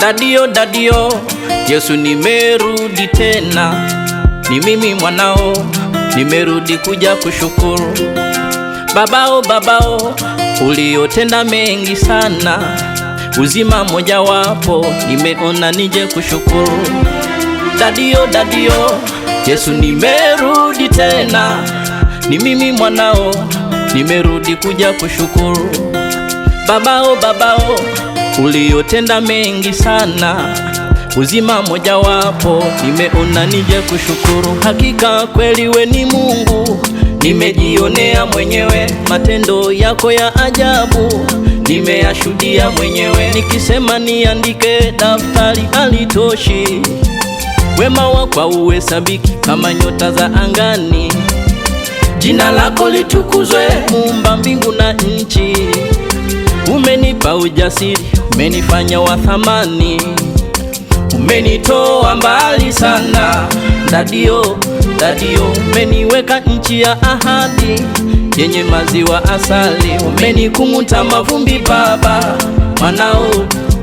Dadio, dadio, Yesu nimerudi tena, ni mimi mwanao, nimerudi kuja kushukuru. Babao, babao, uliotenda mengi sana, uzima moja wapo nimeona nije kushukuru. Dadio, dadio, Yesu nimerudi tena, ni mimi mwanao, nimerudi kuja kushukuru. Babao, babao uliotenda mengi sana, uzima mojawapo nimeona nije kushukuru. Hakika kweli we ni Mungu, nimejionea mwenyewe matendo yako ya ajabu nimeyashuhudia mwenyewe. Nikisema niandike daftari halitoshi, wema wako sabiki kama nyota za angani. Jina lako litukuzwe, mumba mbingu na nchi. Umenipa ujasiri umenifanya wa thamani, umenitoa mbali sana. Dadio, dadio, umeniweka nchi ya ahadi yenye maziwa asali, umenikung'uta mavumbi Baba. Mwanao,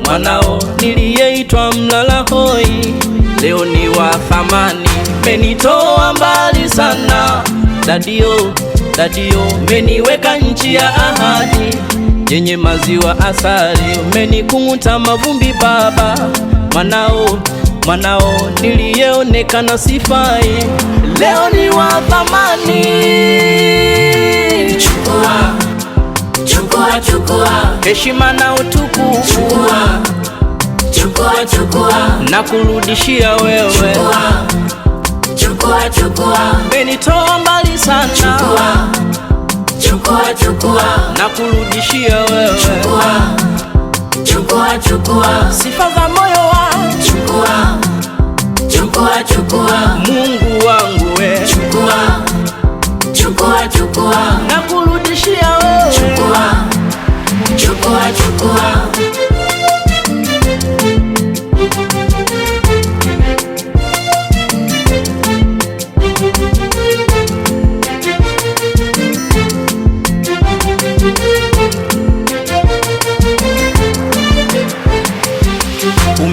mwanao niliyeitwa mlala hoi, leo ni wa thamani, umenitoa mbali sana. Dadio, dadio, umeniweka nchi ya ahadi yenye maziwa asali. Umenikung'uta mavumbi baba, mwanao mwanao, niliyeonekana sifai, leo ni wa thamani. Chukua, chukua, chukua heshima na utukufu. Chukua, chukua, chukua na kurudishia wewe. Chukua, chukua, chukua umenitoa mbali sana. Chukua, chukua, chukua nakurudishia wewe. Chukua, chukua, chukua sifa za moyo wangu, chukua, chukua, chukua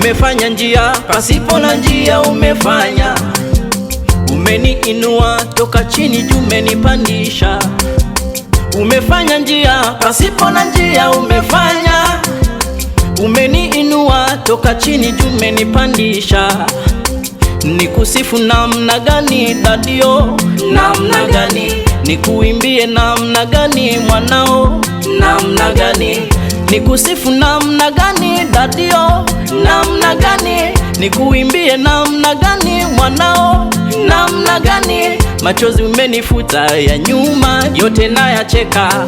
Umefanya njia pasipo na njia, umefanya umeniinua toka chini juu, umenipandisha. Umefanya njia pasipo na njia, umefanya umeniinua toka chini juu, umenipandisha. Nikusifu namna gani dadio, namna gani nikuimbie, namna gani mwanao, namna gani nikusifu namna gani dadio namna gani, nikuimbie namna gani mwanao, namna gani, machozi umenifuta ya nyuma yote nayacheka,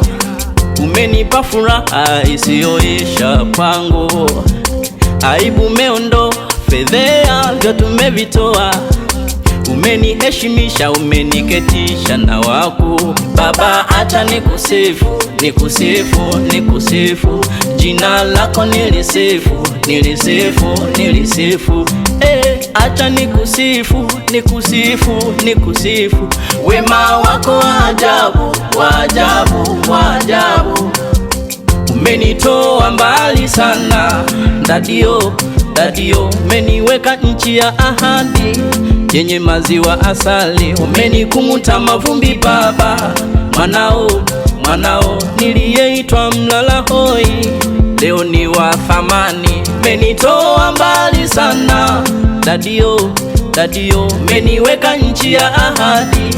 umenipa furaha isiyoisha pango aibu meondo fedhea vyotumevitoa tumevitoa umeniheshimisha, umeniketisha na waku Baba, acha nikusifu, nikusifu, nikusifu, jina lako nilisifu, nilisifu, nilisifu eh, acha nikusifu, nikusifu, nikusifu, wema wako wa ajabu, wa ajabu, wa ajabu, umenitoa mbali sana ndadio Dadio, umeniweka nchi ya ahadi yenye maziwa asali, umenikung'uta mavumbi Baba. Mwanao, mwanao niliyeitwa mlala hoi, leo ni wa thamani, umenitoa mbali sana. Dadio, dadio, umeniweka nchi ya ahadi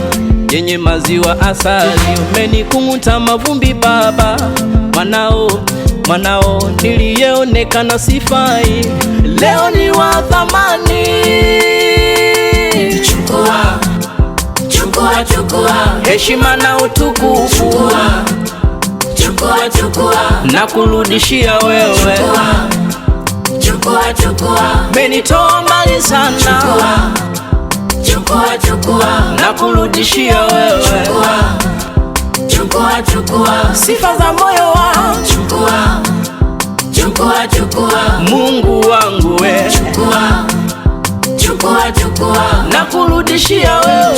yenye maziwa asali, umenikung'uta mavumbi Baba. Mwanao mwanao niliyeonekana sifai, leo ni wa thamani. Chukua, chukua, chukua heshima na utukufu. Chukua, chukua, chukua na kurudishia wewe. Chukua, chukua, chukua menitoa mbali sana. Chukua, chukua, chukua na kurudishia wewe. Chukua chukua, chukua sifa za moyo wangu, chukua, chukua, chukua Mungu wangu we, chukua, chukua, chukua na kurudishia wewe